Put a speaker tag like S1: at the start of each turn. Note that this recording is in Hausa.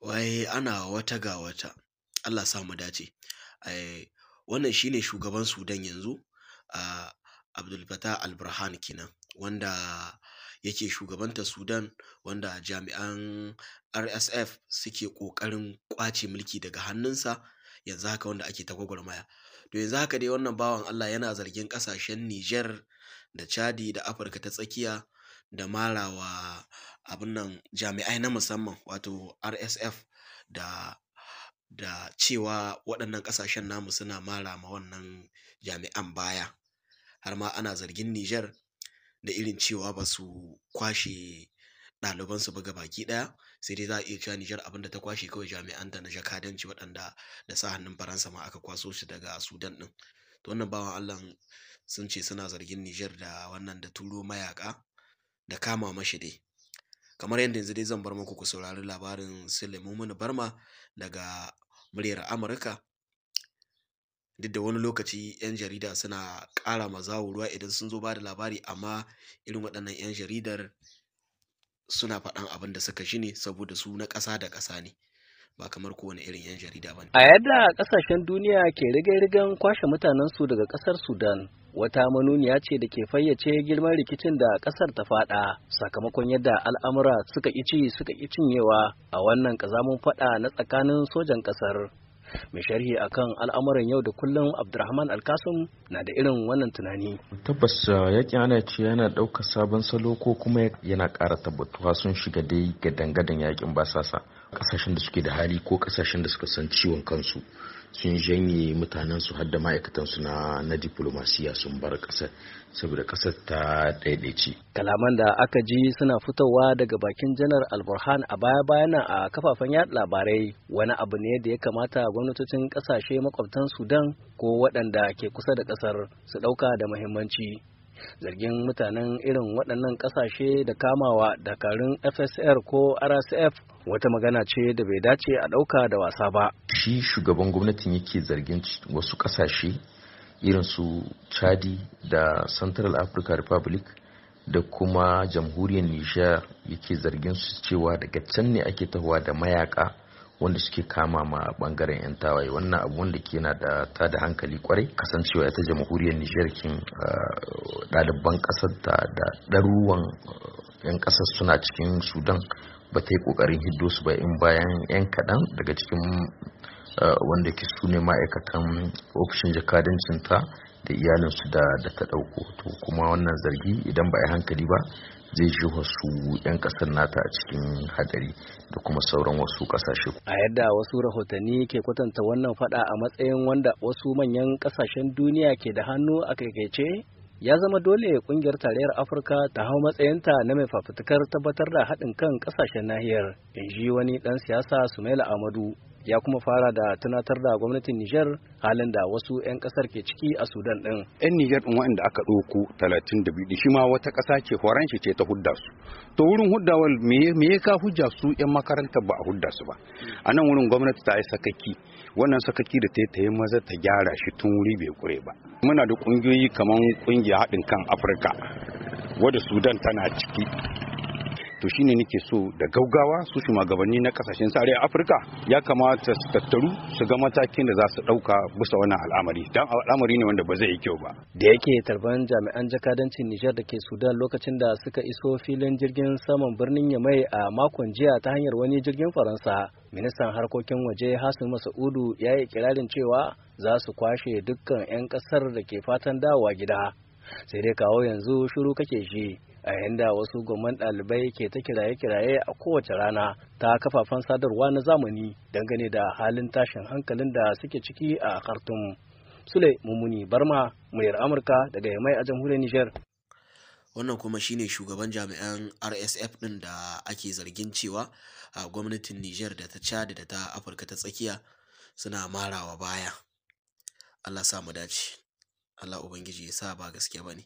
S1: wai ana wata ga wata Allah sa mu dace eh, Wannan shi ne shugaban Sudan yanzu a ah, Abdul al kenan wanda yake shugabanta Sudan wanda jami'an RSF suke ƙoƙarin ƙwace mulki daga hannunsa yanzu haka wanda ake ta gwagwarmaya to yanzu haka dai wannan bawan Allah yana zargin ƙasashen Niger da Chadi da Afirka ta tsakiya da marawa abin nan jami'ai na musamman wato RSF da da cewa waɗannan ƙasashen namu suna mara ma wannan jami'an baya har ma ana zargin Nijar da irin cewa ba su kwashe ɗalibansu ba baki ɗaya sai dai za a iya cewa Nijar abinda ta kwashe kawai jami'anta na jakadanci waɗanda da sa hannun Faransa ma aka kwaso su daga Sudan ɗin. To wannan bawan Allah sun ce suna zargin Nijar da wannan da turo mayaka. da kama mashi dai kamar yadda yanzu dai zan bar muku ku saurari labarin Suleiman Barma daga muryar Amurka duk da wani lokaci 'yan jarida suna ƙara mazawo ruwa idan sun zo ba da labari amma irin waɗannan 'yan jaridar suna faɗan abin da suka shi ne saboda su na ƙasa da ƙasa ne ba kamar kowane irin 'yan jarida ba
S2: ne. A yadda ƙasashen duniya ke rigar-rigan kwashe mutanensu daga ƙasar Sudan, wata manuniya ce da ke fayyace girman rikicin da ƙasar ta fada sakamakon yadda al'amura suka ici suka cinyewa a wannan kazamun fada na tsakanin sojan ƙasar. mai sharhi akan al'amuran yau da kullum abdurrahman alkasum na da irin wannan tunani
S3: tabbas uh, yakin ana ce yana ɗaukar sabon salo ko kuma yana ƙara tabbatuwa sun shiga dai ga dangadan yakin basasa ƙasashen da suke da hali ko ƙasashen da suka san ciwon kansu sun janye mutanensu hadda ma'aikatan ma'aikatansu na na diplomasiya sun bar ƙasar saboda ƙasar ta ɗaiɗaici.
S2: kalaman da aka ji suna fitowa daga bakin janar alburhan a baya bayana a kafafen yaɗa labarai wani abu ne da ya kamata gwamnatocin ƙasashe makwabtan sudan ko waɗanda ke kusa da ƙasar su ɗauka da muhimmanci zargin mutanen irin waɗannan ƙasashe da kamawa dakarun fsr ko rsf wata magana ce da bai dace a ɗauka da wasa ba
S3: shi shugaban gwamnatin yake zargin wasu ƙasashe irin su chadi da central africa republic da kuma jamhuriyar nijar yake zargin su cewa daga can ne ake tahowa da mayaka wanda suke kama ma bangaren yan tawaye wannan abu wanda ke na da ta da hankali kwarai kasancewa ita jamhuriyar nijar kin ah, ɗaliban ƙasar ta da ɗaruwan yan ah, ƙasar suna cikin sudan ba ta yi ƙoƙarin hiddo su ba in bayan yan kaɗan daga cikin ah, wanda ke su ne ma'aikatan ofishin jakadancin ta da iyalinsu da ta ɗauko to kuma wannan zargi idan ba a yi hankali ba zai shi wasu 'yan kasar nata a cikin hadari da kuma sauran wasu kasashe.
S2: A yadda wasu rahotanni ke kwatanta wannan fada a matsayin wanda wasu manyan kasashen duniya ke da hannu a kaikaice ya zama dole kungiyar tarayyar afirka ta hau matsayinta na mai fafutukar tabbatar da haɗin kan kasashen nahiyar in ji wani ɗan siyasa sumaila amadu ya kuma fara da tunatar da gwamnatin Nijar halin da wasu 'yan kasar ke ciki a Sudan din.
S4: 'Yan Nijar din waɗanda aka ɗauko 32 shi ma wata ƙasa ce horon shi ce ta hudda su. To wurin huddawar me ya ka hujja su 'yan makarantar ba a hudda su ba. A nan wurin gwamnati ta yi sakaki wannan sakaki da ta yi maza ta gyara shi tun wuri bai kure ba. Muna da ƙungiyoyi kamar ƙungiyar haɗin kan Afirka wadda Sudan tana ciki to shine nake so da gaugawa su shugabanni na kasashen tsari a afirka ya kamata su tattaru su ga matakin da za su ɗauka bisa wannan al'amari dan al'amari ne wanda ba zai yi kyau ba
S2: da yake tarban jami'an jakadancin nijar da ke sudan lokacin da suka iso filin jirgin saman birnin yamai a makon jiya ta hanyar wani jirgin faransa ministan harkokin waje hassan masaudu ya yi kirarin cewa za su kwashe dukkan 'yan kasar da ke fatan dawowa gida sai dai kawo yanzu shiru kake shi a yanda wasu gwamnan ɗalibai ke ta kiraye-kiraye a kowace rana ta kafafen sadarwa na zamani dangane da halin tashin hankalin da suke ciki a Khartoum. Sule
S1: Mummuni Barma, muryar Amurka daga Yamai a jamhuriyar Nijar. Wannan kuma shine shugaban jami'an RSF ɗin da ake zargin cewa a gwamnatin Nijar da ta Chad da ta Afirka ta tsakiya suna marawa baya. Allah sa dace. Allah Ubangiji ya sa ba gaskiya ba ne.